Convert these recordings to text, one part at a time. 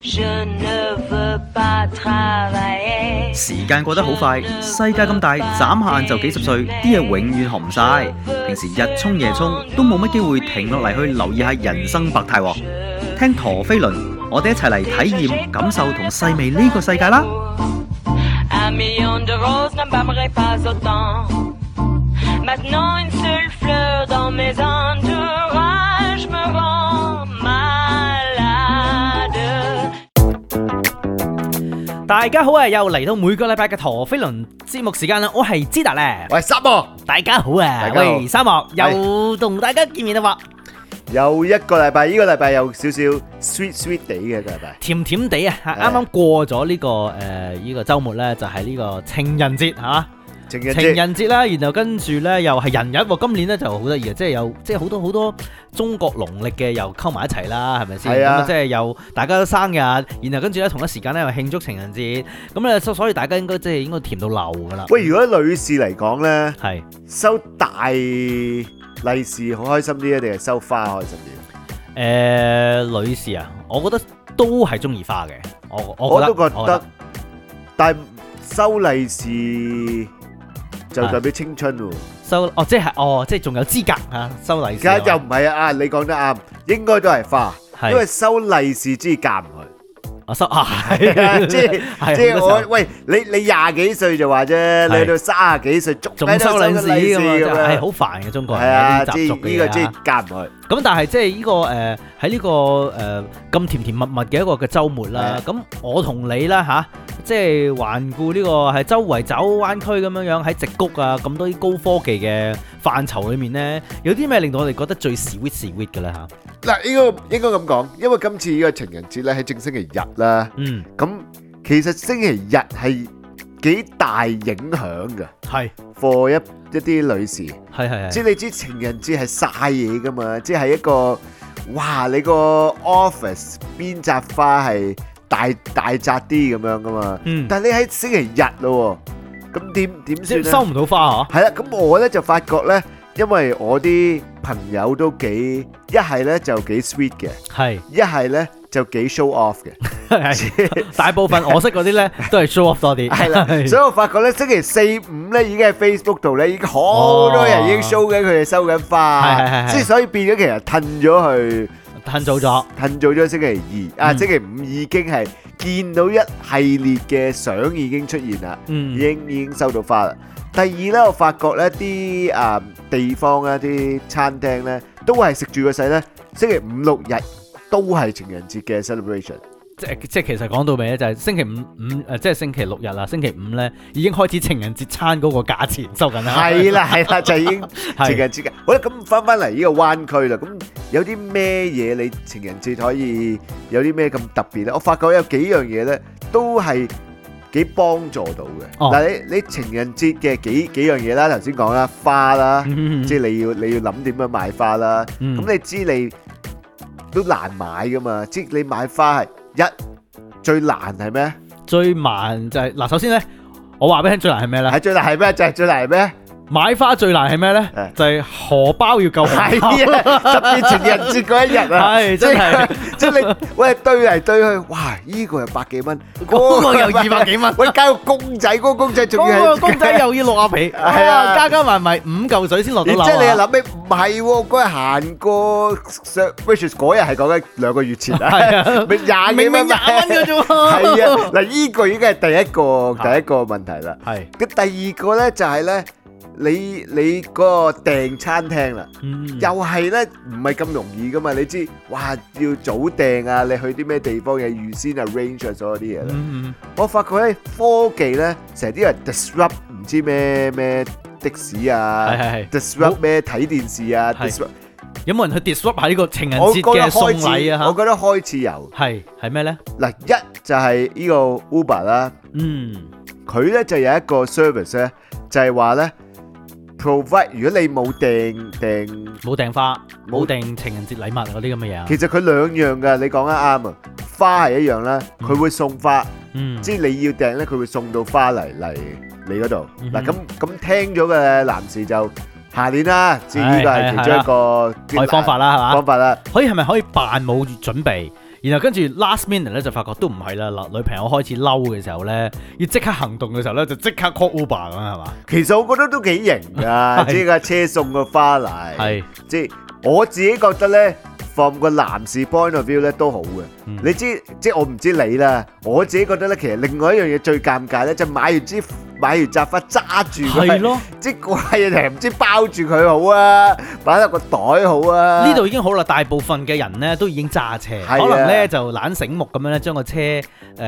時間過得好快，世界咁大，眨下眼就幾十歲，啲嘢永遠紅晒。平時日沖夜沖，都冇乜機會停落嚟去留意下人生百態喎。聽陀飛輪，我哋一齊嚟體驗、感受同細味呢個世界啦！大家好啊！又嚟到每個禮拜嘅陀飛輪節目時間啦，我係知達咧。沙漠，大家好啊！喂，沙漠，又唉同大家見面啦，話有一個禮拜，呢、這個禮拜有少少 sweet sweet 地嘅禮拜，這個、甜甜地啊！啱啱過咗呢、這個誒，呢的、呃這個周末咧就係呢個情人節，係、啊情人節啦，節，然後跟住咧又係人日喎，今年咧就好得意啊，即係有，即係好多好多中國農曆嘅又溝埋一齊啦，係咪先？係啊，即係又大家都生日，然後跟住咧同一時間咧又慶祝情人節，咁咧所，所以大家應該即係應該甜到流噶啦。喂，如果女士嚟講咧，係收大利是好開心啲啊，定係收花開心啲？誒、呃，女士啊，我覺得都係中意花嘅，我我都覺得，但係收利是。就代表青春喎，收哦即係哦即係仲有資格啊收利是，而家又唔係啊！你講得啱，應該都係花，因為收利是之夾唔去，我收啊，係啊，即係即係我喂你你廿幾歲就話啫，你到卅幾歲仲收利是咁樣，係好煩嘅中國人係啊，即係呢個即係夾唔去。咁但係即係呢、這個誒喺呢個誒咁、呃、甜甜蜜蜜嘅一個嘅周末啦，咁的我同你啦吓、啊，即係環顧呢個係周圍走灣區咁樣樣喺直谷啊咁多啲高科技嘅範疇裏面咧，有啲咩令到我哋覺得最 sweet sweet 噶啦吓嗱，呢個應該咁講，因為今次呢個情人節咧喺正星期日啦，嗯，咁其實星期日係。幾大影響噶，係，for 一一啲女士，係係係，即係你知情人節係晒嘢噶嘛，即係一個，哇，你個 office 邊紮花係大大紮啲咁樣噶嘛，嗯，但係你喺星期日咯，咁點點算咧？收唔到花啊？係啦，咁我咧就發覺咧，因為我啲朋友都幾，一係咧就幾 sweet 嘅，係，一係咧。就幾 show off 嘅，大部分我識嗰啲咧都係 show off 多啲。係啦，所以我發覺咧星期四、五咧已經喺 Facebook 度咧，已經好多人已經 show 緊，佢哋收緊花。係係係。即係所以變咗，其實褪咗去，褪早咗，褪早咗星期二啊，星期五已經係見到一系列嘅相已經出現啦。嗯。已經已經收到花啦。第二咧，我發覺咧啲啊地方咧啲餐廳咧都係食住個勢咧，星期五六日。都係情人節嘅 celebration，即即其實講到尾咧，就係星期五五誒，即係星期六日啦。星期五咧已經開始情人節餐嗰個價錢收緊啦，係啦係啦，就已經情人節嘅。好啦，咁翻翻嚟呢個灣區啦，咁有啲咩嘢你情人節可以有啲咩咁特別咧？我發覺有幾樣嘢咧，都係幾幫助到嘅。但係你你情人節嘅幾幾樣嘢啦，頭先講啦，花啦，即係你要你要諗點樣買花啦，咁你知你。都難買噶嘛，即你買花係一最難係咩？最慢就係、是、嗱，首先咧，我話俾你聽，最難係咩咧？係最難係咩？就是、最難係咩？買花最難係咩咧？就係荷包要夠厚，特別情人節嗰一日啊！係即係即係你喂堆嚟，堆去，哇！呢個又百幾蚊，嗰個又二百幾蚊，喂加個公仔，嗰個公仔仲要係，嗰個公仔又要六十幾，係啊，加加埋埋五嚿水先落到樓。即係你又諗起唔係喎，嗰日行過，which 嗰日係講緊兩個月前啊，廿幾蚊，明明廿蚊嘅啫。係啊，嗱呢個已經係第一個第一個問題啦。係。咁第二個咧就係咧。你你嗰個訂餐廳啦，又係咧唔係咁容易噶嘛？你知哇，要早訂啊！你去啲咩地方嘢預先 arrange 咗啲嘢啦。我發覺咧，科技咧成日啲人 disrupt 唔知咩咩，的士啊，disrupt 咩睇電視啊，disrupt 有冇人去 disrupt 喺呢個情人節嘅送禮啊？嚇！我覺得開始有，係，係咩咧？嗱，一就係呢個 Uber 啦，嗯，佢咧就有一個 service 咧，就係話咧。provide 如果你冇訂訂冇訂花冇訂情人節禮物嗰啲咁嘅嘢，其實佢兩樣㗎。你講得啱啊，花係一樣啦，佢會送花。嗯，即係你要訂咧，佢會送到花嚟嚟你嗰度。嗱咁咁聽咗嘅男士就下年啦，至於呢個係其中一個方法啦，係嘛方法啦。可以係咪可以扮冇準備？然後跟住 last minute 咧就發覺都唔係啦，嗱，女朋友開始嬲嘅時候咧，要即刻行動嘅時候咧，就即刻 call Uber 咁啊，係嘛？其實我覺得都幾型噶， 是 即架車送個花嚟，係是 即係我自己覺得咧。放個男士 point of view 咧都好嘅，你知即係我唔知你啦。我自己覺得咧，其實另外一樣嘢最尷尬咧，就買完支買完扎花揸住佢係咯，即係怪嘢定唔知包住佢好啊，擺落個袋好啊。呢度已經好啦，大部分嘅人咧都已經揸車，可能咧就懶醒目咁樣咧，將個車誒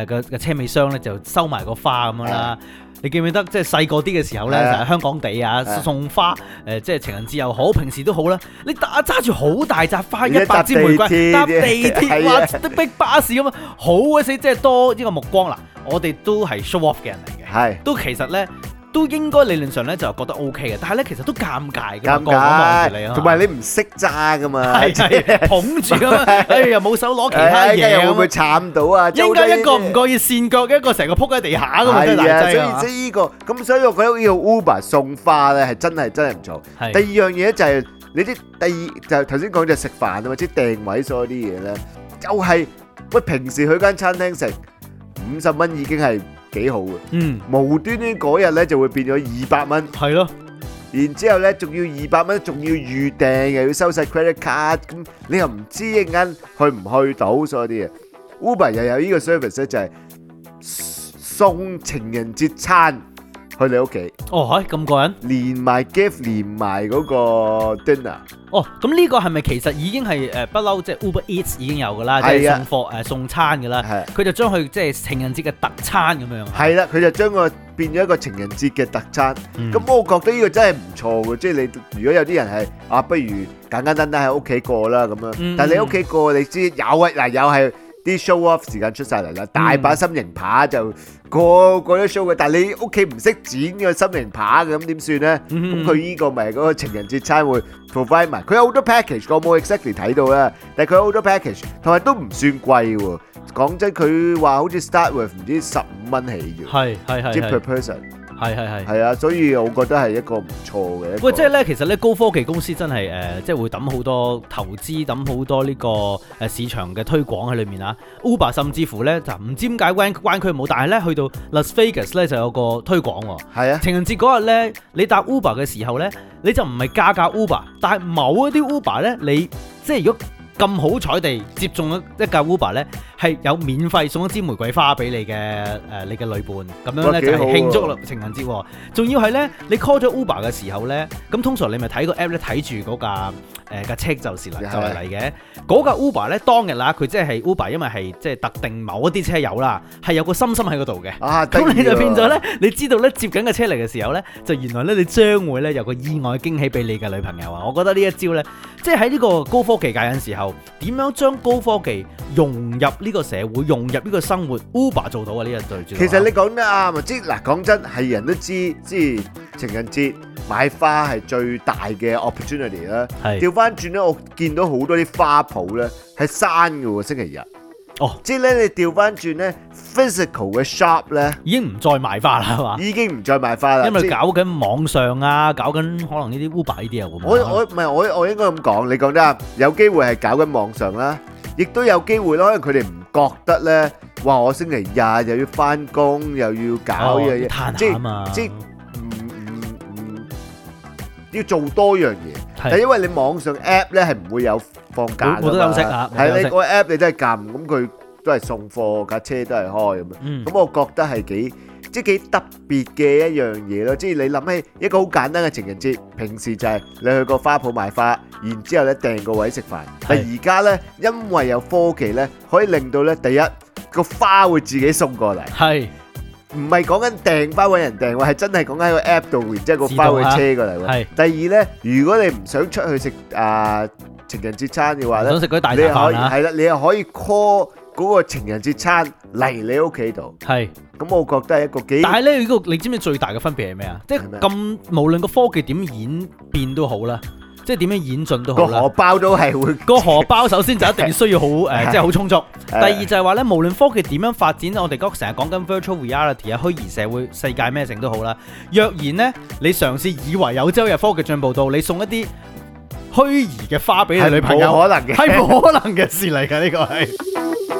個個車尾箱咧就收埋個花咁樣啦。你記唔記得即係細個啲嘅時候咧，成日香港地啊送花，誒即係情人節又好，平時都好啦。你打揸住好大紮花，一百支玫瑰搭地鐵，或者逼巴士咁，好鬼死，即係多呢個目光啦。我哋都係 show off 嘅人嚟嘅，係的都其實咧。都應該理論上咧就覺得 O K 嘅，但係咧其實都尷尬嘅。尷尬，同埋你唔識揸噶嘛，捧住咁樣，哎又冇手攞其他嘢啊，會唔會慘到啊？應該一個唔覺意跣腳，一個成個仆喺地下噶嘛，所以呢個咁所以我覺得呢個 Uber 送花咧係真係真係唔錯。第二樣嘢就係你啲第二就頭先講就食飯啊嘛，即係訂位所有啲嘢咧，就係喂平時去間餐廳食五十蚊已經係。幾好嘅，嗯，無端端嗰日咧就會變咗二百蚊，係咯的，然之後咧仲要二百蚊，仲要預訂又要收晒 credit card，咁你又唔知一陣間去唔去到，所以啲嘢，Uber 又有呢個 service 咧，就係送情人節餐。去你屋企哦，係咁個人，連埋 gift，連埋嗰個 dinner。哦，咁呢個係咪其實已經係誒、呃、不嬲，即係 Uber Eats 已經有㗎啦，即係送貨誒，送餐㗎啦。係，佢就將佢即係情人節嘅特餐咁樣。係啦，佢就將佢變咗一個情人節嘅特餐。咁、嗯、我覺得呢個真係唔錯嘅，即係你如果有啲人係啊，不如簡簡單單喺屋企過啦咁樣。嗯嗯，但係你屋企過，你知有啊，嗱有係。啲 show off 時間出晒嚟啦，嗯、大把心形扒就 show，扒嗯嗯個個都 show 嘅。但係你屋企唔識剪嘅心形扒咁點算咧？咁佢呢個咪係嗰個情人節餐會 provide 埋、嗯嗯。佢有好多 package，我冇 exactly 睇到啦。但係佢有好多 package，同埋都唔算貴喎。講真，佢話好似 start with 唔知十五蚊起嘅，係係係。per person。係係係，係啊！所以我覺得係一個唔錯嘅。喂，即係咧，其實咧，高科技公司真係誒、呃，即係會抌好多投資，抌好多呢個誒市場嘅推廣喺裏面啊。Uber 甚至乎咧，就唔知點解灣灣區冇，但係咧去到 Las Vegas 咧就有個推廣喎。係啊，情人節嗰日咧，你搭 Uber 嘅時候咧，你就唔係加價 Uber，但係某一啲 Uber 咧，你即係如果。咁好彩地接中一架 Uber 咧，係有免費送一支玫瑰花俾你嘅誒、呃，你嘅女伴咁樣咧好就係慶祝情人節，哦。仲要係咧，你 call 咗 Uber 嘅時候咧，咁通常你咪睇個 app 咧睇住嗰架誒架車就是嚟是的 就嚟嘅。嗰架 Uber 咧當日啦，佢即係 Uber，因為係即係特定某一啲車友啦，係有個心心喺嗰度嘅。咁、啊、你就變咗咧，你知道咧接緊個車嚟嘅時候咧，就原來咧你將會咧有個意外嘅驚喜俾你嘅女朋友啊！我覺得呢一招咧，即係喺呢個高科技界嘅時候。點樣將高科技融入呢個社會，融入呢個生活？Uber 做到嘅呢一對，其實你講得啱啊，即嗱講真，係人都知，即係情人節買花係最大嘅 opportunity 啦是。係調翻轉咧，我見到好多啲花圃咧喺山嘅星期日。哦，oh. 即係咧，你調翻轉咧，physical 嘅 shop 咧，已經唔再賣花啦，係嘛？已經唔再賣花啦，因為搞緊網上啊，搞緊是可能呢啲 Uber 呢啲啊，啊我我唔係我我應該咁講，你講得啱。有機會係搞緊網上啦，亦都有機會咯，因為佢哋唔覺得咧，哇！我星期日又要翻工，又要搞呢樣嘢，哦、即係是即、啊要做多樣嘢，就是因為你網上 app 咧係唔會有放假我，我都休息。你個 app 你都係撳，咁佢都係送貨，架車都係開咁啊。咁、嗯、我覺得係幾即係幾特別嘅一樣嘢咯。即、就、係、是、你諗起一個好簡單嘅情人節，平時就係你去個花圃買花，然之後咧訂個位食飯。是但而家咧，因為有科技咧，可以令到咧第一個花會自己送過嚟。唔係講緊訂包畀人訂喎，係真係講緊個 app 度，然之後個包會車過嚟喎。係。第二咧，如果你唔想出去食啊情人節餐嘅話咧，想食嗰啲大餐啊，係啦，你又可以 call 嗰個情人節餐嚟你屋企度。係。咁我覺得係一個幾，但係咧個你知唔知最大嘅分別係咩啊？即係咁，無論個科技點演變都好啦。即係點樣演進都好啦。荷包都係會，個荷包首先就一定需要好誒， 即係好充足。 第二就係話咧，無論科技點樣發展， 我哋嗰成日講緊 virtual reality 啊、虛擬社會、世界咩性都好啦。若然呢，你嘗試以為有朝日科技進步到你送一啲虛擬嘅花俾你女朋友，冇可能嘅，係冇可能嘅事嚟㗎，呢個係。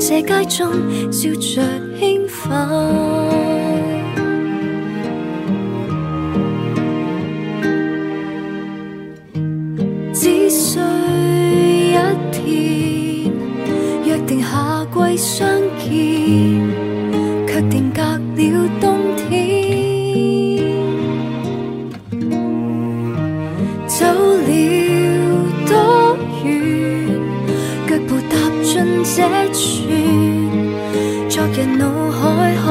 這街中笑着興奮，只需一天約定，夏季相見，卻定格了冬天。走了多遠，腳步踏進這處。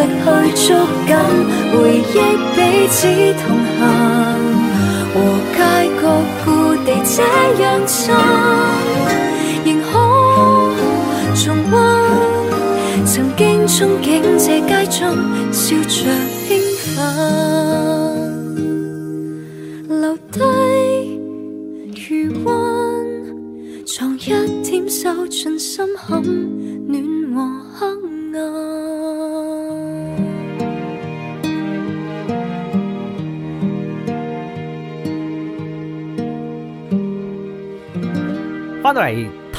力去捉緊回憶，彼此同行，和街角故地這樣親，仍可重温曾經憧憬這街中笑著興奮。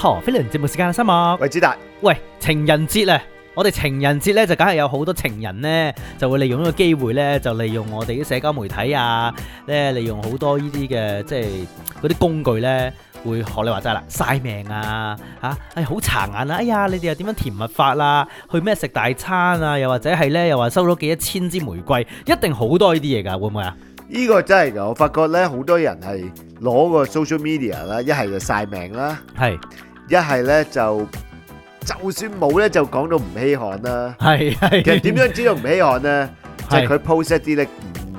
陀飛輪節目時間，生物，喂，朱大，喂，情人節啊，我哋情人節咧就梗係有好多情人咧，就會利用呢個機會咧，就利用我哋啲社交媒體啊，咧利用好多依啲嘅，即係嗰啲工具咧，會學你話齋啦，曬命啊，嚇，唉，好殘眼啊，哎呀，你哋又點樣甜蜜法啦，去咩食大餐啊，又或者係咧，又話收咗幾一千支玫瑰，一定好多依啲嘢噶，會唔會啊？依個真係噶，我發覺咧，好多人係攞個 social media 啦，一係就曬命啦，係。一係咧就就算冇咧就講到唔稀罕啦。係係。其實點樣知道唔稀罕咧？就佢 post 一啲咧唔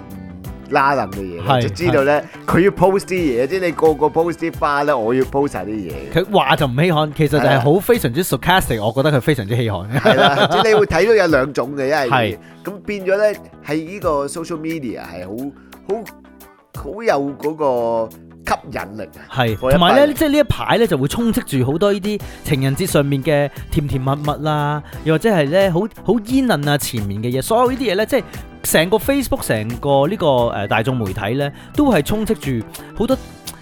拉冷嘅嘢，就知道咧佢要 post 啲嘢，即係你個個 post 啲花咧，我要 post 晒啲嘢。佢話就唔稀罕，其實就係好非常之 sarcastic。我覺得佢非常之稀罕。係啦，即係你會睇到有兩種嘅，一係係咁變咗咧，喺呢個 social media 係好好好有嗰個。吸引力啊，係，同埋咧， 即係呢一排咧，就會充斥住好多呢啲情人節上面嘅甜甜蜜蜜啦，又或者係咧，好好煙韌啊，前面嘅嘢，所有呢啲嘢呢，即係成個 Facebook，成個呢個誒大眾媒體呢，都係充斥住好多。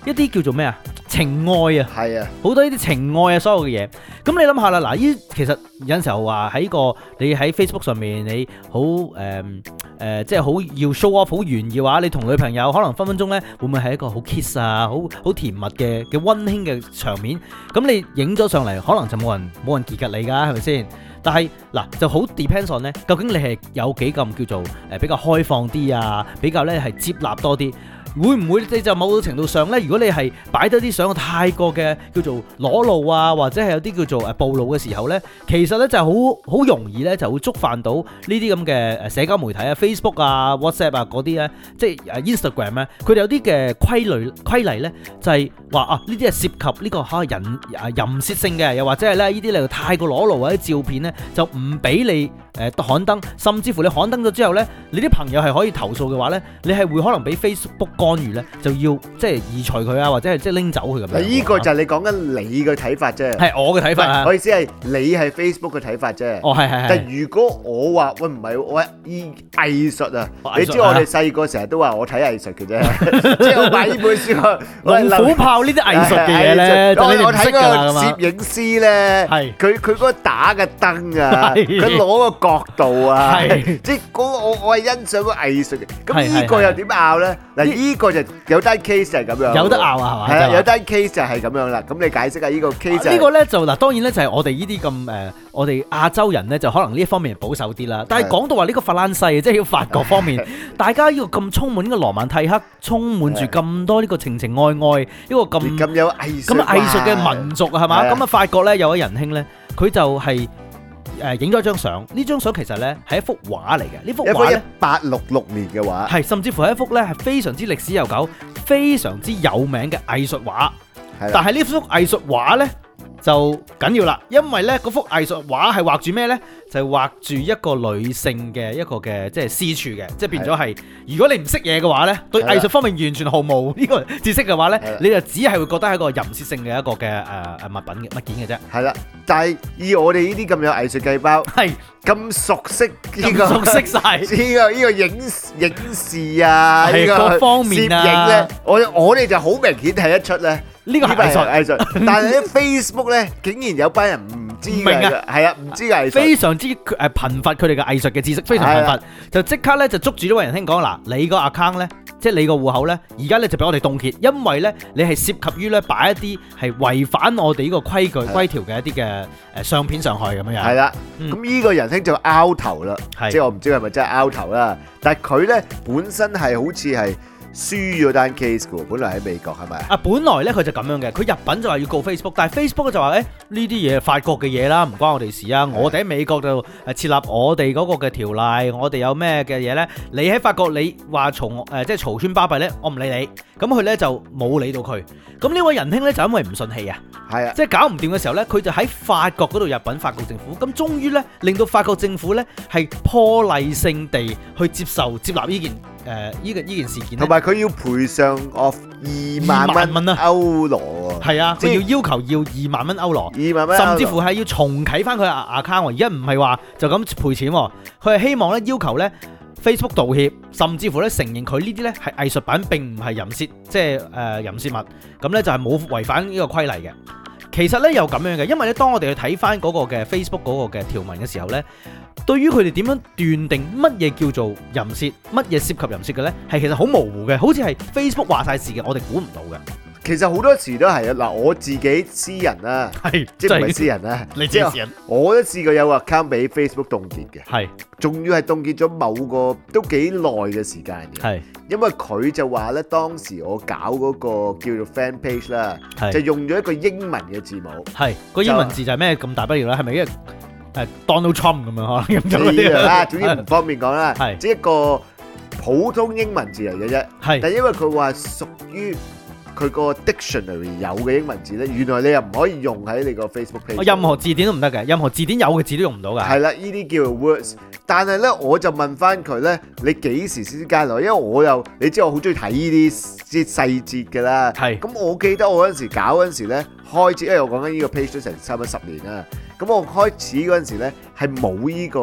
一啲叫做咩啊情愛啊，係啊的，好多呢啲情愛啊，所有嘅嘢。咁你諗下啦，嗱，依其實有時候話喺個你喺 Facebook 上面你，你好誒誒，即係好要 show off 好願意話，你同女朋友可能分分鐘呢會唔會係一個好 kiss 啊，好好甜蜜嘅嘅溫馨嘅場面？咁你影咗上嚟，可能就冇人冇人結吉你㗎、啊，係咪先？但係嗱就好 depend on 呢，究竟你係有幾咁叫做誒比較開放啲啊，比較呢係接納多啲？會唔會你就某種程度上咧？如果你係擺咗啲相太過嘅叫做裸露啊，或者係有啲叫做誒暴露嘅時候咧，其實咧就好好容易咧就會觸犯到呢啲咁嘅誒社交媒體啊 Facebook 啊 WhatsApp 啊嗰啲咧，即係 Instagram 咧、啊，佢哋有啲嘅規律，規例規例咧就係、是、話啊呢啲係涉及呢、這個嚇、啊、人誒、啊、淫褻性嘅，又或者係咧呢啲嚟到太過裸露或者照片咧就唔俾你誒、呃、刊登，甚至乎你刊登咗之後咧，你啲朋友係可以投訴嘅話咧，你係會可能俾 Facebook。干預咧就要即係移除佢啊，或者係即係拎走佢咁樣。呢個就係你講緊你嘅睇法啫，係我嘅睇法啊。我意思係你係 Facebook 嘅睇法啫。哦，係係。但係如果我話喂，唔係我係藝藝術啊，你知我哋細個成日都話我睇藝術嘅啫，即係我擺本書啊？喂，火炮呢啲藝術嘅嘢咧，我我睇個攝影師咧，係佢佢嗰打嘅燈啊，佢攞個角度啊，即係嗰我我係欣賞個藝術嘅。咁呢個又點拗咧？嗱依呢個就有單 case 係咁樣，有得拗啊，係嘛？係啊，有單 case 就係咁樣啦。咁你解釋下個、就係啊呢個、呢個 case 呢個咧，就嗱當然咧就係我哋呢啲咁誒，我哋亞洲人咧就可能呢一方面保守啲啦。但係講到話呢個法蘭西，即係是的 法國方面，是的 大家呢個咁充滿呢個羅曼蒂克，充滿住咁多呢個情情愛愛，呢、呢個咁咁有藝術咁藝術嘅民族係嘛？咁啊法國咧有位仁兄咧，佢就係、是。誒影咗一張相，呢張相其實咧係一幅畫嚟嘅，幅畫呢幅畫咧一八六六年嘅畫，係甚至乎係一幅咧係非常之歷史悠久、非常之有名嘅藝術畫。是的 但係呢幅藝術畫呢，就緊要啦，因為呢幅藝術畫係畫住咩呢？就畫住一個女性嘅一個嘅即係私處嘅，即係變咗係。如果你唔識嘢嘅話咧，對藝術方面完全毫無呢個知識嘅話咧，你就只係會覺得係一個淫褻性嘅一個嘅誒誒物品嘅物件嘅啫。係啦，但係以我哋呢啲咁有藝術細胞，係咁熟悉呢個熟悉曬呢個呢個影影視啊，攝影咧，我我哋就好明顯睇得出咧呢個藝術藝術，但係啲 Facebook 咧竟然有班人唔知嘅係啊，唔知藝術非常。知誒，貧乏佢哋嘅藝術嘅知識非常貧乏，對了 就即刻咧就捉住呢位仁兄，講嗱你個 account 咧，即係你個戶口咧，而家咧就俾我哋凍結，因為咧你係涉及於咧擺一啲係違反我哋呢個規矩對了 規條嘅一啲嘅誒相片上去咁樣樣。係啦了，咁呢、嗯、個人兄就拗頭啦，是的 即係我唔知係咪真係拗頭啦，但係佢咧本身係好似係。輸咗單 case 嘅，本來喺美國係咪？啊，本來呢，佢就咁樣嘅，佢入禀就話要告 Facebook，但係 Facebook 就話誒呢啲嘢法國嘅嘢啦，唔關我哋事啊，是的 我哋喺美國度誒設立我哋嗰個嘅條例，我哋有咩嘅嘢呢？你喺法國你話嘈誒即係嘈喧巴閉呢，我唔理你。咁佢呢，就冇理到佢。咁呢位仁兄呢，就因為唔順氣啊，係啊，即係搞唔掂嘅時候呢，佢就喺法國嗰度入禀法國政府。咁終於呢，令到法國政府呢，係破例性地去接受接納呢件。誒呢個呢件事件，同埋佢要賠償我二萬蚊蚊啦歐羅，係啊，仲要要求要二萬蚊歐羅，甚至乎係要重啟翻佢阿阿卡喎。而家唔係話就咁賠錢，佢係希望咧要求咧 Facebook 道歉，甚至乎咧承認佢呢啲咧係藝術品並唔係淫褻，即係誒淫褻物，咁咧就係冇違反呢個規例嘅。其實咧又咁樣嘅，因為咧當我哋去睇翻嗰個嘅 Facebook 嗰個嘅條文嘅時候咧，對於佢哋點樣斷定乜嘢叫做淫褻，乜嘢涉及淫褻嘅咧，係其實好模糊嘅，好似係 Facebook 話晒事嘅，我哋估唔到嘅。其實好多時都係啊！嗱，我自己私人啊，係即係唔係私人咧？你即係我都試過有個 account 俾 Facebook 凍結嘅，係仲要係凍結咗某個都幾耐嘅時間嘅，係因為佢就話咧，當時我搞嗰個叫做 fan page 啦，就用咗一個英文嘅字母，係個英文字就係咩咁大不了啦，係咪因為 Donald Trump 咁樣嚇？總之唔方便講啦，係即一個普通英文字嚟嘅啫，係但因為佢話屬於。佢個 dictionary 有嘅英文字咧，原來你又唔可以用喺你個 Facebook page。任何字典都唔得嘅，任何字典有嘅字都用唔到㗎。係啦，依啲叫 words。但係咧，我就問翻佢咧，你幾時先至加落？因為我又你知我好中意睇依啲啲細節㗎啦。係。咁我記得我嗰陣時搞嗰陣時咧，開始，因為我講緊依個 page 都成差唔多十年啦。咁我開始嗰陣時咧係冇依個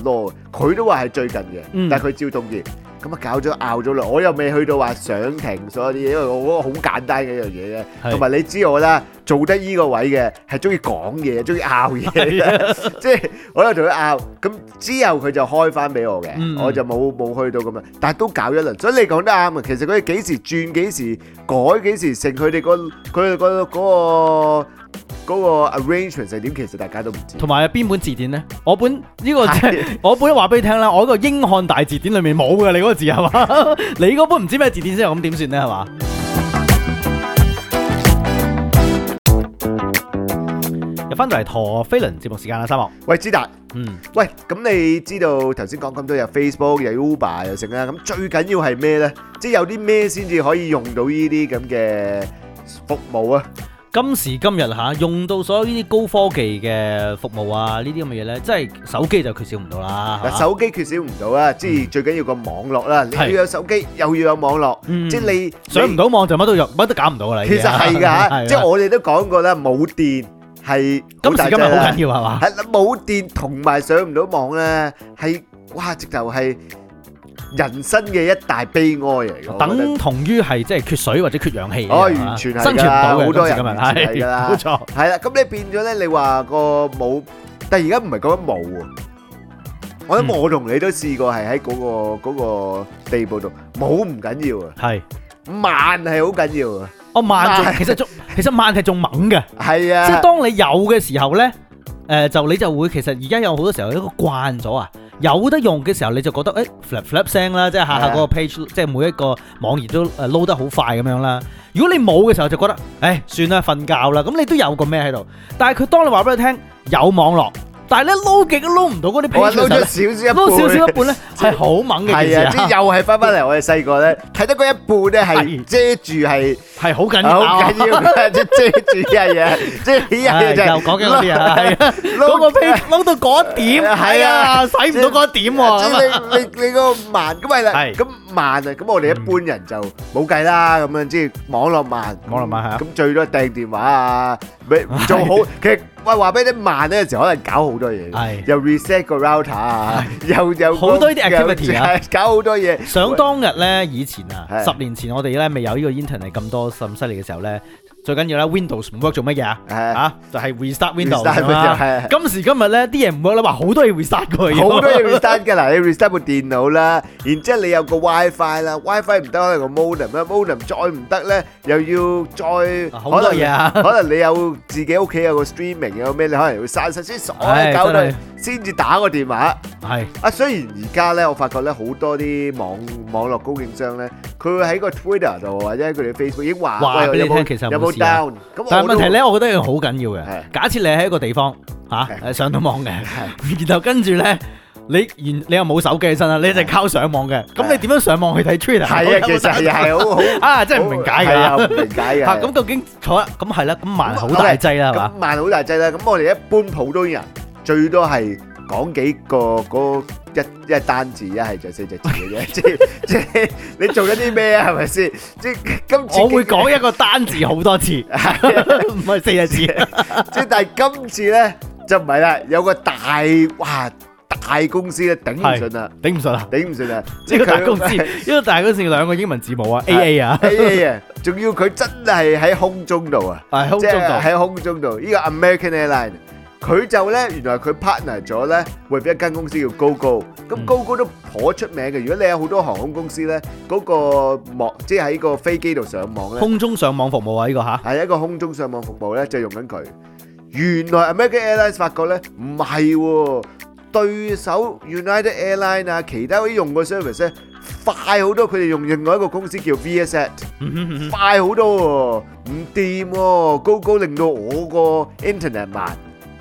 law，佢都話係最近嘅，但係佢照動用。咁啊，搞咗拗咗啦，我又未去到話想停所有啲嘢，因為我覺得好簡單嘅一樣嘢嘅，同埋是的 你知我啦，做得依個位嘅係中意講嘢，中意拗嘢嘅，即係我又同佢拗，咁之後佢就開翻俾我嘅，我就冇冇、嗯嗯、去到咁啊，但係都搞一輪，所以你講得啱啊，其實佢幾時轉，幾時改，幾時成佢哋個佢哋個嗰個。嗰個 arrangement 係點，其實大家都唔知。同埋有邊本字典咧？我本呢個，我本話俾你聽啦，我呢個英漢大字典裏面冇嘅，你嗰個字係嘛？ 你嗰本唔知咩字典先，咁點算咧係嘛？入翻 到嚟陀飛輪節目時間啦，三木。喂，智達，嗯，喂，咁你知道頭先講咁多有 Facebook 又 Uber 又剩啦，咁最緊要係咩咧？即係有啲咩先至可以用到呢啲咁嘅服務啊？今時今日嚇，用到所有呢啲高科技嘅服務啊，呢啲咁嘅嘢咧，即係手機就缺少唔到啦。手機缺少唔到啊，嗯、即係最緊要個網絡啦。係，你要有手機，又要有網絡，嗯、即係你，你上唔到網就乜都乜都搞唔到啦。其實係㗎， 係，係，即係我哋都講過啦，冇電係今時今日好緊要係嘛？係，冇電同埋上唔到網咧，係哇，嘩，直頭係。人生嘅一大悲哀嚟，等同於係即係缺水或者缺氧氣，完全係生存唔到嘅，好多人係啦，冇錯。係啦，咁你變咗咧？你話個冇，但係而家唔係咁樣冇啊！我諗我同你都試過係喺嗰個嗰個地步度冇唔緊要啊，係慢係好緊要啊！哦，慢仲其實仲其實慢係仲猛嘅，係啊！即係當你有嘅時候咧，誒就你就會其實而家有好多時候一個慣咗啊！有得用嘅時候你就覺得誒 flap flap 聲啦，即係下下嗰個 page，即係每一個網頁都誒 load 得好快咁樣啦。如果你冇嘅時候就覺得誒、欸、算啦，瞓覺啦。咁你都有個咩喺度？但係佢當你話俾佢聽有網絡。但係咧撈極都撈唔到嗰啲，哇！撈咗少少一，撈少少一半咧，係好猛嘅件事。係啊，即係又係翻翻嚟，我哋細個咧睇得嗰一半咧係遮住，係，係好緊要，好緊要，遮遮住啲嘢，遮啊！又講緊我哋啊，撈個屁撈到嗰點，係啊，使唔到嗰點喎。即係你你你個慢咁咪啦，咁慢啊，咁我哋一般人就冇計啦。咁樣即係網絡慢，網絡慢吓，咁最多掟電話啊，咩做好其實。喂，話俾你慢咧，有時候可能搞好多嘢，的又 reset 個 router 多又啊，又又好多啲 activity 啊，搞好多嘢。想當日咧，以前啊，喂十年前我哋咧是的 未有呢個 internet 咁多咁犀利嘅時候咧。最緊要啦，Windows 唔 work 做乜嘢啊？吓，就係 restart Windows 啦。係。今時今日咧，啲嘢唔 work 啦，話好多嘢 restart 佢。好多嘢 restart 噶啦，你 restart 部電腦啦，然之後你有個 WiFi 啦，WiFi 唔得可能個 modem 啊，modem 再唔得咧，又要再好多嘢啊。可能你有自己屋企有個 streaming，有咩你可能會刪晒先，所有嘢搞佢先至打個電話。係。啊，雖然而家咧，我發覺咧，好多啲網網絡供應商咧。佢會喺個 Twitter 度或者佢哋 Facebook 已經話話俾你聽，其實有冇 down？但係問題咧，我覺得佢好緊要嘅。假設你喺一個地方嚇，上到網嘅，然後跟住咧，你然你又冇手機起身啦，你就靠上網嘅。咁你點樣上網去睇 Twitter？係啊，其實係好好啊，真係唔明解嘅，唔明解嘅。嚇，咁究竟錯咗？咁係啦，咁慢好大劑啦，係嘛？慢好大劑啦，咁我哋一般普通人最多係講幾個嗰。一一係單字，一係就四隻字嘅啫，即係即係你做咗啲咩啊？係咪先？即係今次我會講一個單字好多次，係唔係四隻字？即係但係今次咧就唔係啦，有個大哇大公司咧頂唔順啦，頂唔順啦，頂唔順啦！即係大公司，因為大公司兩個英文字母啊，AA 啊，AA 啊，仲要佢真係喺空中度啊，喺空中度，喺空中度，呢個 American Airlines。佢就咧，原來佢 partner 咗咧，為咗一間公司叫 GoGo。咁 GoGo 都頗出名嘅。如果你有好多航空公司咧，嗰個網即係喺個飛機度上網咧，空中上網服務啊，呢個吓，係一個空中上網服務咧，就用緊佢。原來 American Airlines 發覺咧，唔係喎，對手 United Airlines 啊，其他啲用個 service 咧快好多，佢哋用另外一個公司叫 VSAT，快好多喎，唔掂喎，GoGo 令到我個 internet 慢。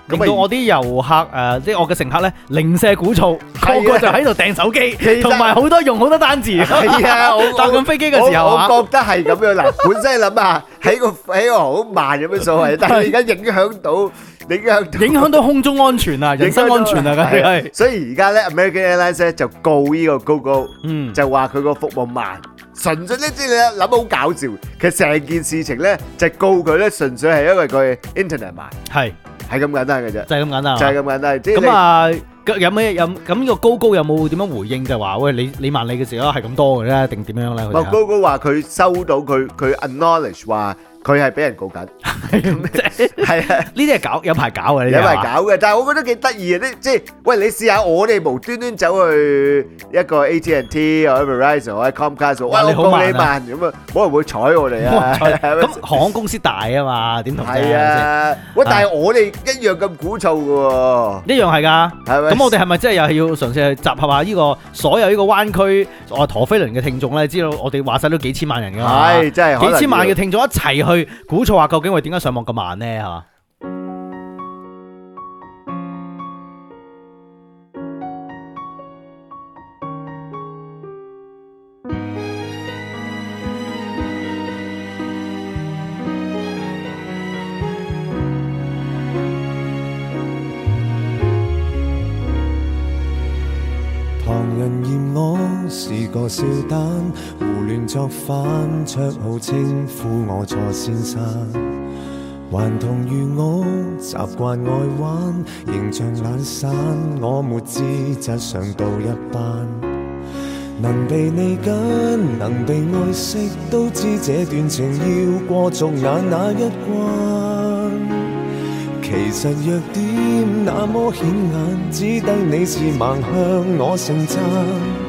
令到我啲遊客誒，即係我嘅乘客咧，零舍鼓噪，個個就喺度訂手機，同埋好多用好多單字。係啊，搭緊飛機嘅時候吓，我覺得係咁樣嗱。本身諗啊，喺個喺個好慢有咩所謂？但係而家影響到影響影響到空中安全啊，人身安全啊，係。所以而家咧，American Airlines 咧就告呢個 Google，嗯，就話佢個服務慢，純粹呢啲諗好搞笑。其實成件事情咧就告佢咧，純粹係因為佢 internet 慢係。係咁簡單嘅啫，就係咁簡單，就係咁簡單。咁啊，有咩有咁咁個高高有冇點樣回應，就係話喂，你你萬里嘅時候，係咁多嘅咧，定點樣咧？高高話佢收到佢，佢 acknowledge 話。佢係俾人告緊，係啊！呢啲係搞，有排搞嘅呢啲， 有排搞嘅。 但係我覺得幾得意啊！啲即係，喂，你試下我哋無端端走去一個 AT&T、或者 Verizon、或者 Comcast，哇！你好慢啊，你慢！咁啊，冇人會睬我哋啊！咁航空公司大啊嘛，點同啫？係啊！喂、啊，但係我哋一樣咁鼓噪嘅喎，一樣係㗎，係咪？咁我哋係咪真係又係要嘗試去集合下呢、呢個所有呢個灣區我陀飛輪嘅聽眾咧？知道我哋話晒都幾千萬人㗎嘛？係嗎，真係幾千萬嘅聽眾一齊去。估錯話，究竟我點解上網咁慢呢？吓。是個笑膽，胡亂作反，綽號稱呼我錯先生。頑童如我，習慣愛玩，形象懶散。我沒資質上到一班。能被你跟，能被愛惜，都知這段情要過俗眼那一關。其實弱點那麼顯眼，只得你是盲，向我盛讚。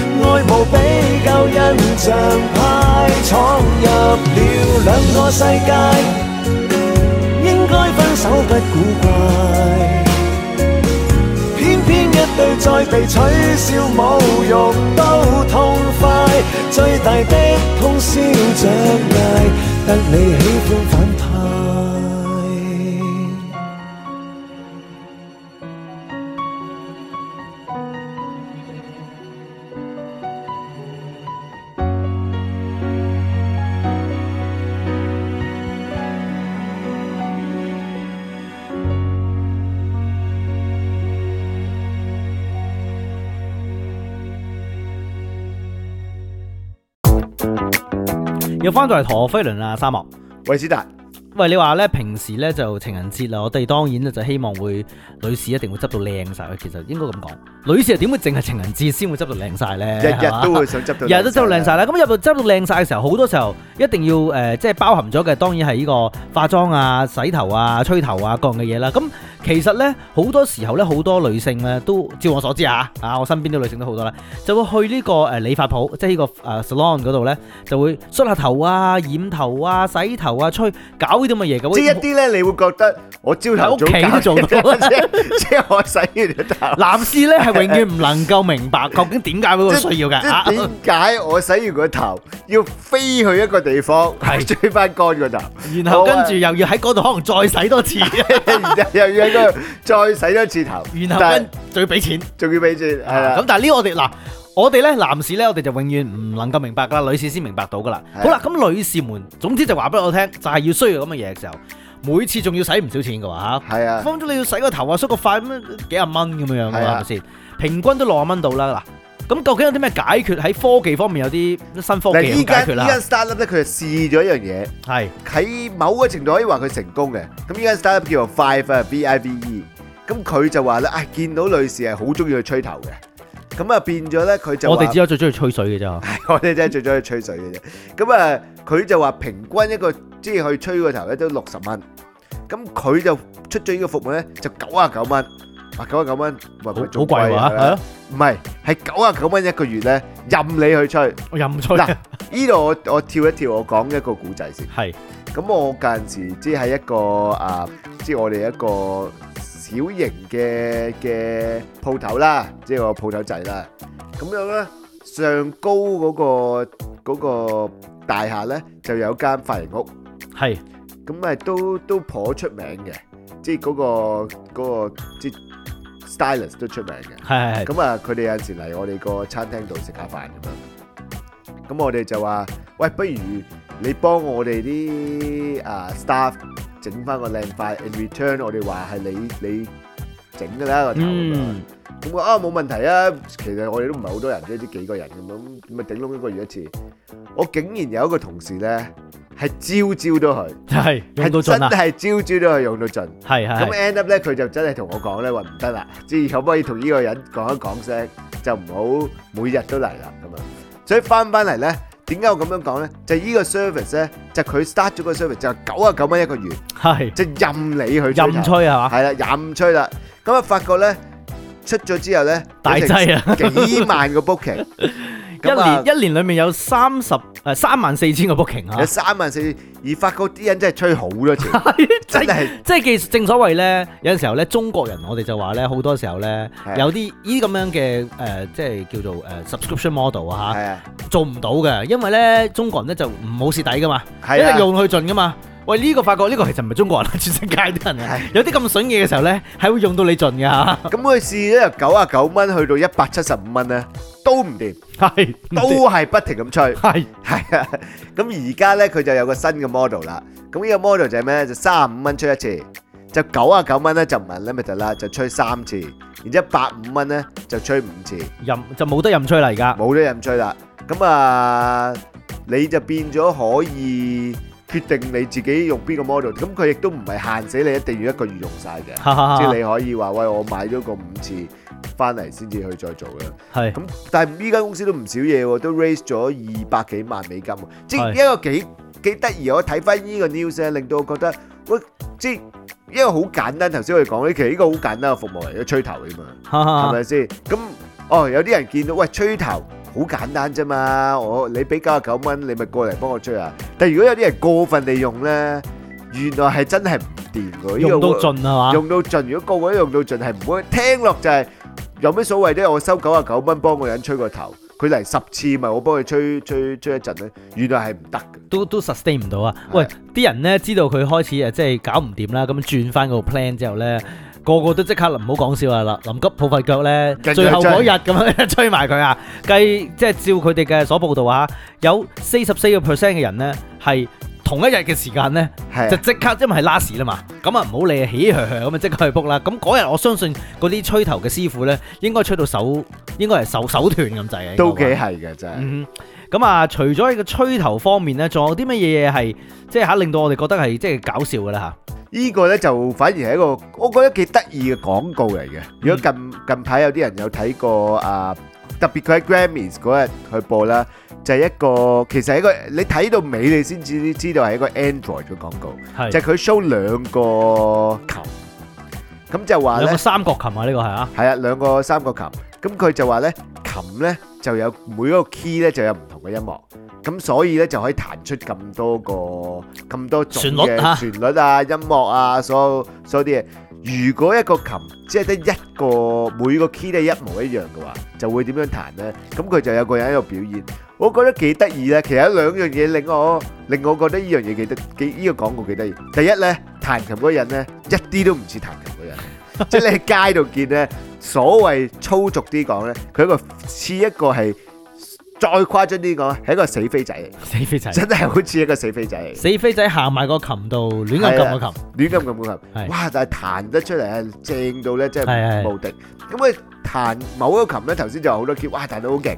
愛慕比較印象派，闖入了兩個世界，應該分手不古怪，偏偏一對再被取笑，侮辱都痛快，最大的通宵障礙，得你喜歡反。又翻到嚟陀飛輪啊沙漠，喂斯達喂，你話咧，平時咧就情人節啦，我哋當然咧就希望會女士一定會執到靚曬。其實應該咁講，女士點會淨係情人節先會執到靚晒咧？日日都會想執到，日日都執到靚晒啦。咁入到執到靚晒嘅時候，好多時候一定要誒即係包含咗嘅，當然係呢個化妝啊、洗頭啊、吹頭啊各樣嘅嘢啦。其實咧，好多時候咧，好多女性咧都，照我所知啊，啊，我身邊啲女性都好多咧，就會去呢個誒理髮鋪，即係呢個誒 salon 嗰度咧，就會梳下頭啊、染頭啊、洗頭啊、吹，搞呢啲咁嘅嘢，即一啲咧，你會覺得我朝頭屋企都做到嘅，即係我洗完個頭。男士咧係永遠唔能夠明白究竟點解嗰個需要嘅。點解我洗完個頭要飛去一個地方，吹翻乾個頭？然後跟住又要喺嗰度可能再洗多次，然後又要。 再洗多次頭，然後跟仲是要俾錢，仲要俾錢，係啦。咁、嗯、但係呢，呢，我哋嗱，我哋咧男士咧，我哋就永遠唔能夠明白噶啦，女士先明白到噶啦。的好啦，咁女士們，總之就話俾我聽，就係、是、要需要咁嘅嘢嘅時候，每次仲要使唔少錢噶吓。係啊的，方中你要洗個頭啊，梳個髮咁，幾十蚊咁樣樣係咪先？平均都六十蚊到啦嗱。咁究竟有啲咩解決，喺科技方面有啲新科技嚟解決啦？依家 startup 咧，佢就試咗一樣嘢，係喺某個程度可以話佢成功嘅。咁依家 startup 叫做 Five 啊，B I V E。咁佢就話咧，見到女士係好中意去吹頭嘅。咁啊變咗咧，佢就我哋只有最中意吹水嘅咋。我哋真係最中意吹水嘅啫。咁啊，佢就話平均一個即係去吹個頭咧都六十蚊。咁佢就出咗呢個服務咧就九啊九蚊。九啊九蚊，唔係唔係好貴啊？唔係，係九啊九蚊一個月咧，任你去吹，任吹嗱。呢度我我跳一跳，我講一個古仔先。係。咁我嗰陣時即係喺一個啊，即係我哋一個小型嘅嘅鋪頭啦，即係個鋪頭仔啦。咁樣咧，上高嗰個嗰個大廈咧，就有間髮型屋，係。咁啊，都都頗出名嘅，即係嗰個嗰個即係。Silence 都出名嘅，係係咁啊，佢哋有陣時嚟我哋個餐廳度食下飯咁樣，咁我哋就話：喂，不如你幫我哋啲啊 staff 整翻個靚塊，in return 我哋話係你你整㗎啦個頭。咁我啊，冇問題啊，其實我哋都唔係好多人啫，啲幾個人咁樣咁咪頂籠一個月一次。我竟然有一個同事咧。係朝朝都去，係，係真係朝朝都去用到盡，係，係咁 end up 咧，佢就真係同我講咧，話唔得啦，即係可唔可以同呢個人講一講聲，就唔好每日都嚟啦咁樣。所以翻翻嚟咧，點解我咁樣講咧？就呢個 service 咧，就佢 start 咗個 service 就九啊九蚊一個月，係即係任你去任吹係嘛，係啦，任吹啦。咁啊發覺咧，出咗之後咧，大劑啊，幾萬個 booking，一年一年裏面有三十。誒三萬四千個 booking 啊！有三萬四，而發覺啲人真係吹好咗錢， 真係的 即係正所謂咧，有陣時候咧，中國人我哋就話咧，好多時候咧，有啲依啲咁樣嘅誒，即係叫做誒 subscription model 啊嚇，是啊做唔到嘅，因為咧中國人咧就唔好蝕底噶嘛，是啊，因為用去盡噶嘛。喂，呢個發覺呢個其實唔係中國人啦，全世界啲人係有啲咁筍嘢嘅時候咧，係會用到你盡噶。咁佢試咗由九啊九蚊去到一百七十五蚊咧，都唔掂，係都係不停咁吹，係係啊。咁而家咧佢就有個新嘅 model 啦。咁呢個 model 就係咩？就三啊五蚊吹一次，就九啊九蚊咧就唔係 limit 啦，就吹三次。然之後百五蚊咧就吹五次，任就冇得任吹嚟噶，而家，冇得任吹啦。咁啊你就變咗可以。決定你自己用邊個 model，咁佢亦都唔係限死你一定要一個月用曬嘅，即係你可以話喂我買咗個五次翻嚟先至去再做嘅。係，咁但係呢間公司都唔少嘢喎，都 raise 咗二百幾萬美金，即係一個幾幾得意。我睇翻呢個 news 咧，令到我覺得喂，即係一個好簡單，頭先我哋講咧，其實呢個好簡單嘅服務嚟，嘅吹頭啊嘛，係咪先？咁哦，有啲人見到喂吹頭。好簡單啫嘛，我你俾九啊九蚊，你咪過嚟幫我吹啊！但如果有啲人過分地用呢，原來係真係唔掂㗎。用到盡係嘛？用到盡，如果個個都用到盡，係唔會聽落就係有咩所謂呢？我收九啊九蚊幫個人吹個頭，佢嚟十次，咪我幫佢吹吹吹一陣呢，原來係唔得嘅，都都 sustain 唔到啊！喂，啲人呢知道佢開始誒即係搞唔掂啦，咁轉翻個 plan 之後呢。個個都即刻唔好講笑啊！啦，臨急抱佛腳咧，最後嗰日咁樣吹埋佢啊！計即係照佢哋嘅所報道啊，有四十四個 percent 嘅人咧係同一日嘅時間咧，是啊、就即刻，因為係 last 啦嘛，咁啊唔好理啊，起起噉啊即刻去 book 啦！咁嗰日我相信嗰啲吹頭嘅師傅咧，應該吹到手，應該係手該手斷咁滯都幾係嘅真係。嗯咁啊，除咗呢個吹頭方面咧，仲有啲乜嘢嘢係即嚇令到我哋覺得係即係搞笑嘅咧？嚇，呢個咧就反而係一個我覺得幾得意嘅廣告嚟嘅。如果近近排有啲人有睇過啊，特別佢喺 Grammys 嗰日去播啦，就係一個其實係一個你睇到尾你先至知道係一個 Android 嘅廣告，就係佢 show 兩個琴，咁就話咧三角琴啊，呢個係啊，係啊，兩個三角琴，咁佢就話咧琴咧就有每一個 key 咧就有。嘅音樂，咁所以咧就可以彈出咁多個咁多種嘅旋律啊、音樂啊，所有所有啲嘢。如果一個琴即只係得一個，每個 key 都係一模一樣嘅話，就會點樣彈咧？咁佢就有個人喺度表演，我覺得幾得意咧。其實有兩樣嘢令我令我覺得呢樣嘢幾得幾呢個廣告幾得意。第一咧，彈琴嗰人咧，一啲都唔似彈琴嗰人，即係 你喺街度見咧，所謂粗俗啲講咧，佢一個似一個係。再誇張啲講，係一個死飛仔，死飛仔真係好似一個死飛仔。死飛仔行埋個琴度亂咁撳琴，亂咁撳琴。 是的 哇！但係彈得出嚟係正到咧，真係無敵。咁佢是的 彈某一個琴咧，頭先就好多 key，哇，彈到好勁。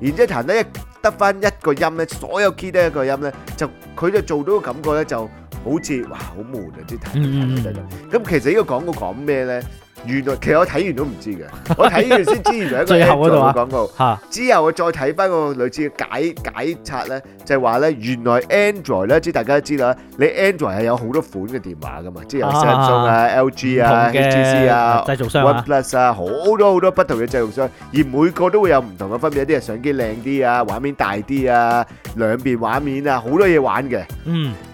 然之後彈得一得翻一個音咧，所有 key 得一個音咧，就佢就做到個感覺咧，就好似哇，好悶啊！即係彈彈得咁。咁、嗯嗯、其實個講講呢個廣告講咩咧？原來其實我睇完都唔知嘅，我睇完先知有個廣告啊！之後我再睇翻個類似嘅解解拆咧，就係話咧原來 Android 咧，即係大家都知啦，你 Android 係有好多款嘅電話噶嘛，即係有 Samsung 啊、LG 啊、HTC 啊、製造商啊、OnePlus 啊，好多好多不同嘅製造商，而每個都會有唔同嘅分別，一啲係相機靚啲啊，畫面大啲啊，兩邊畫面啊，好多嘢玩嘅。嗯。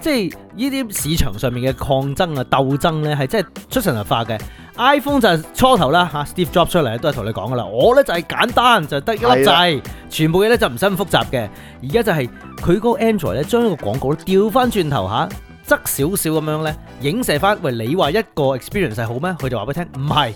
即係呢啲市場上面嘅抗爭啊、鬥爭呢，係真係出神入化嘅。iPhone 就係初頭啦，吓 Steve Jobs 出嚟都係同你講噶啦。我呢就係簡單，就得一粒掣，是的 全部嘢呢就唔使咁複雜嘅。而家就係佢嗰個 Android 咧，將個廣告咧調翻轉頭吓，側少少咁樣呢，影射翻喂，你話一個 experience 係好咩？佢就話俾你聽，唔係。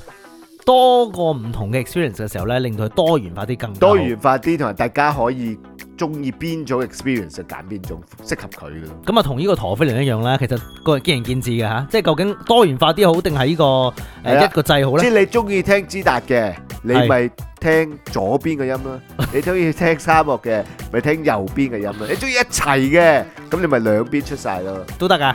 多個唔同嘅 experience 嘅時候咧，令到佢多元化啲，更多元化啲，同埋大家可以中意邊種 experience 種就揀邊種適合佢嘅。咁啊，同呢個陀飛輪一樣啦，其實各人見仁見智嘅嚇，即係究竟多元化啲好定係呢個誒的一個掣好咧？即係你中意聽知達嘅，你咪聽左邊嘅音咯；的你中意聽沙漠嘅，咪聽右邊嘅音咯； 你中意一齊嘅，咁你咪兩邊出晒咯。都得噶？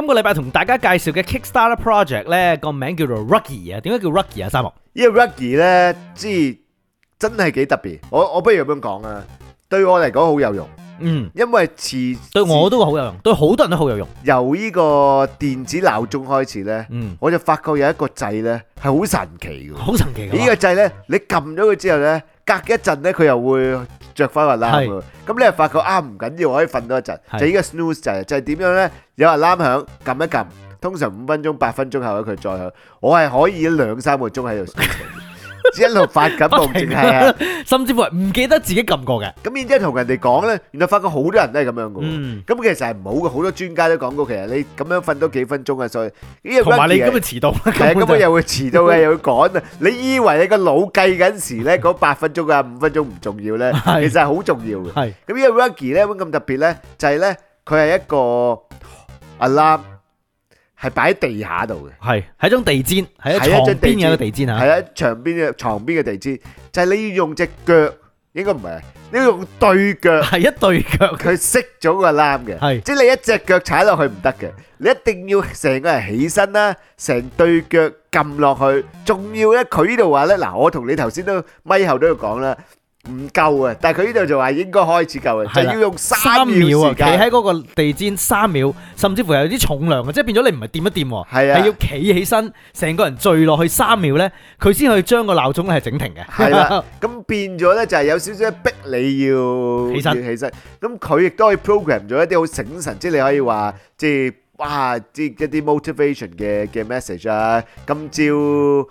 今個禮拜同大家介紹嘅 Kickstarter project 咧，個名叫做 Ruggie 啊，點解叫 Ruggie 啊？三毛，呢個 Ruggie 咧，即係真係幾特別。我我不如咁樣講啊，對我嚟講好有用。嗯，因為次對我都好有用，對好多人都好有用。由呢個電子鬧鐘開始呢，嗯、我就發覺有一個掣呢係好神奇嘅，好神奇嘅。呢個掣呢，你撳咗佢之後呢，隔一陣呢，佢又會着翻個鬧，咁是、嗯、你又發覺啊唔緊要，可以瞓多一陣是、no 就是，就呢個 snooze 就係點樣呢？有個鬧響，撳一撳，通常五分鐘、八分鐘後呢佢再響，我係可以兩三個鐘喺度。一路發緊夢，係啊，甚至乎係唔記得自己撳過嘅。咁然之後同人哋講咧，然後發覺好多人都係咁樣嘅。咁其實係唔好嘅，好多專家都講過，其實你咁樣瞓多幾分鐘啊。同埋你今日遲到，其實今日又會遲到嘅，又會趕啊！你以為你個腦計緊時咧，嗰八分鐘啊、五分鐘唔重要咧？其實係好重要嘅。咁因為 Ricky 咧咁特別咧，就係咧，佢係一個阿 La。係擺喺地下度嘅，係係種地氈，係一張地氈啊，係啊，牆邊嘅床邊嘅地氈，就係、是、你要用隻腳，應該唔係，你要用對腳，係一對腳，佢識咗個籃嘅，係是，即係你一隻腳踩落去唔得嘅，你一定要成個人起身啦，成對腳撳落去，仲要咧，佢呢度話咧，嗱，我同你頭先都咪後都有講啦。唔夠啊！但係佢呢度就話應該開始夠啊，的就要用三秒啊！企喺嗰個地氈三秒，甚至乎有啲重量嘅，即係變咗你唔係掂一掂喎，你的要企起身，成個人墜落去三秒咧，佢先可以將個鬧鐘係整停嘅。係啦的，咁 變咗咧就係有少少逼你要起,身要起身，起身。咁佢亦都可以 program 咗一啲好醒神，即係你可以話即係哇，即係一啲 motivation 嘅嘅 message 啊，今朝。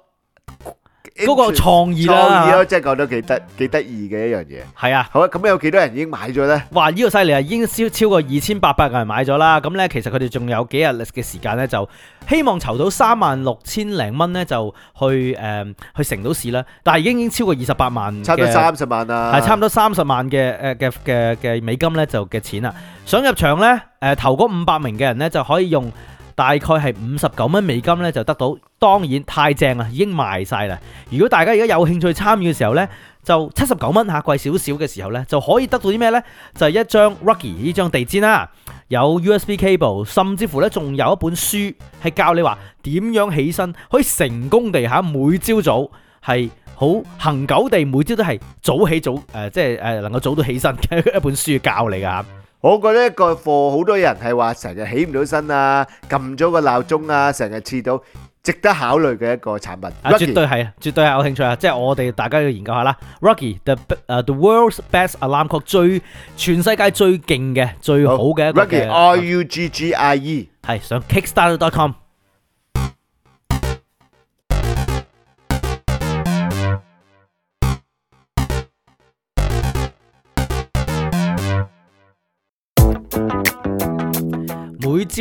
嗰個創意啦，創意咯，即係覺得幾得幾得意嘅一樣嘢。係啊，好啊，咁有幾多人已經買咗咧？哇！呢個犀利啊，已經超超過二千八百個人買咗啦。咁咧，其實佢哋仲有幾日嘅時間咧，就希望籌到三萬六千零蚊咧，就去誒、呃、去成都市啦。但係已經已經超過二十八萬,差萬，差唔多三十萬啊！係差唔多三十萬嘅誒嘅嘅嘅美金咧，就嘅錢啊，想入場咧誒、呃，頭嗰五百名嘅人咧就可以用。大概係五十九蚊美金呢，就得到，當然太正啦，已經賣晒啦。如果大家而家有興趣參與嘅時候呢，就七十九蚊吓貴少少嘅時候呢，就可以得到啲咩呢？就係、是、一張 Rugby 呢張地氈啦，有 USB cable，甚至乎呢仲有一本書係教你話點樣起身可以成功地吓每朝早係好恆久地每朝都係早起早誒，即係誒能夠早到起身嘅一本書教你噶我覺得一個課，好多人係話成日起唔到身啊，撳咗個鬧鐘啊，成日遲到，值得考慮嘅一個產品。啊，絕對係，絕對係有興趣啊！即係我哋大家要研究下啦。Ruggie the 誒 the world's best 啊，alarm clock 最全世界最勁嘅最好嘅一個 Ruggie R U G G I E 係上 kickstarter.com。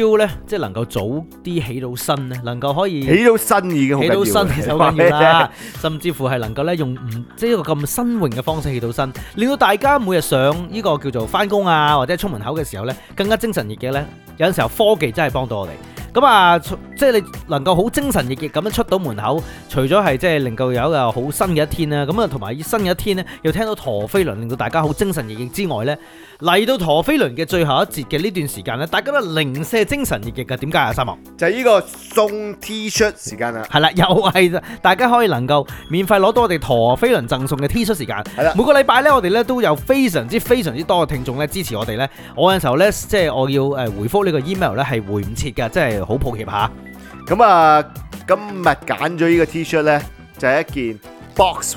要咧，即係能夠早啲起到身咧，能夠可以起到身已經起到身其實好緊要啦，甚至乎係能夠咧用唔即係一個咁新穎嘅方式起到身，令到大家每日上呢個叫做翻工啊或者出門口嘅時候咧，更加精神奕奕咧。有陣時候科技真係幫到我哋，咁啊，即係你能夠好精神奕奕咁樣出到門口，除咗係即係能夠有個好新嘅一天啦，咁啊同埋新嘅一天咧，又聽到陀飛輪令到大家好精神奕奕之外咧。嚟到陀飛輪嘅最後一節嘅呢段時間呢，大家都零舍精神熱極㗎，點解啊，三木？就係呢個送 T 恤時間啦，係啦，又係，大家可以能夠免費攞到我哋陀飛輪贈送嘅 T 恤時間，係啦了。每個禮拜呢，我哋呢都有非常之非常之多嘅聽眾呢支持我哋呢，我有時候呢，即係我要誒回覆呢個 email 呢係回唔切嘅，真係好抱歉吓。咁啊，今日揀咗呢個 T 恤呢，就係一件 box。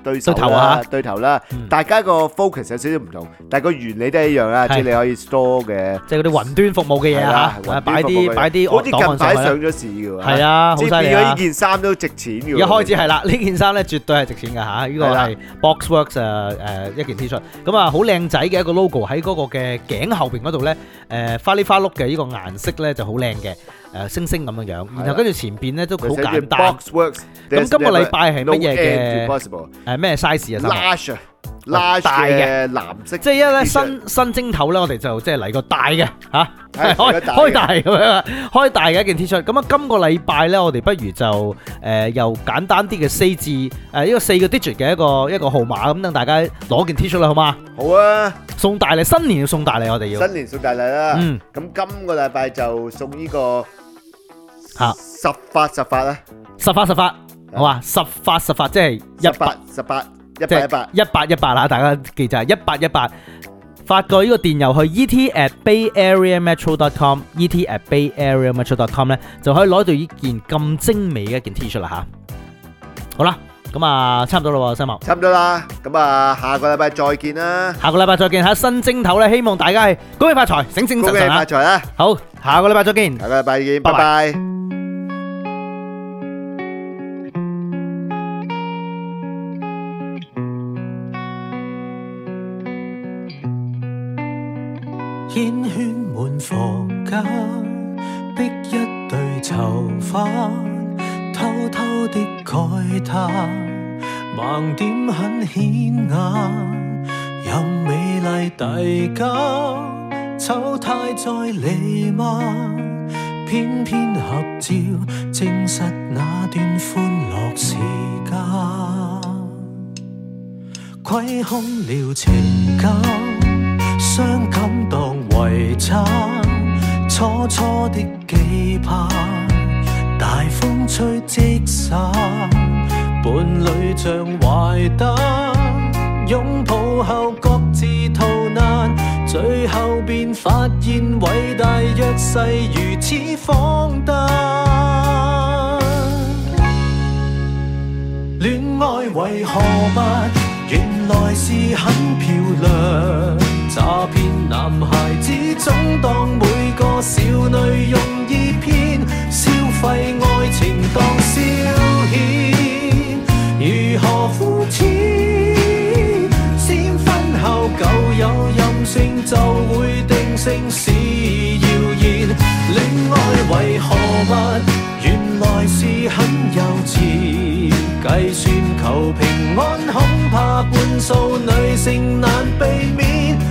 對頭啊！對頭啦，大家個 focus 有少少唔同，但係個原理都係一樣啊！即係你可以 store 嘅，即係嗰啲雲端服務嘅嘢嚇，擺啲擺啲，好似近排上咗市嘅喎。係啊，好細嘅。即係變咗呢件衫都值錢嘅。一開始係啦，呢件衫咧絕對係值錢嘅嚇，呢個係 BoxWorks 誒一件 T-shirt，咁啊好靚仔嘅一個 logo 喺嗰個嘅頸後邊嗰度咧，誒花哩花碌嘅呢個顏色咧就好靚嘅，誒星星咁樣樣，然後跟住前邊咧都好簡單。BoxWorks，咁今個禮拜係乜嘢嘅？係咩 size 啊 Large，large 大嘅的 大的 藍色即呢，即係因為咧新新蒸頭咧，我哋就即係嚟個大嘅吓、啊，開開大咁樣，開大嘅一件 T 恤。咁、嗯、啊，今個禮拜咧，我哋不如就誒、呃、又簡單啲嘅四字誒，呢、呃、個四個 digit 嘅一個一個號碼咁，等大家攞件 T 恤啦，好嘛？好啊，送大禮，新年要送大禮，我哋要新年送大禮啦。嗯，咁今個禮拜就送個十八十八呢個吓十發十發啦，十發十發。好啊，十發十發，即係一百十八，一百一百一百一百啦，大家記住啊，一百一百發個呢個電郵去 ET at BayAreaMetro dot com，ET at BayAreaMetro dot com 咧就可以攞到呢件咁精美嘅一件 T 恤啦嚇、啊。好啦，咁啊差唔多啦喎，西木。差唔多啦，咁啊下個禮拜再見啦。下個禮拜再見，喺新蒸頭咧，希望大家恭喜發財，醒醒神啊！恭喜發財啊！好，下個禮拜再見。下個禮拜再見，拜拜。煙圈滿房間，逼一對囚犯偷偷的慨嘆，盲點很顯眼。任美麗遞減醜態再彌漫，偏偏合照證實那段歡樂時間，虧空了情感，傷感動。唯差初初的期盼，大風吹即散，伴侶像壞蛋，擁抱後各自逃難，最後便發現偉大約誓如此荒誕。 戀愛為何物，原來是很漂亮？詐騙男孩子總當每個少女容易騙，消費愛情當消遣，如何膚淺？先婚後舊有任性就會定性是謠言，戀愛為何物？原來是很幼稚，計算求平安恐怕半數女性難避免。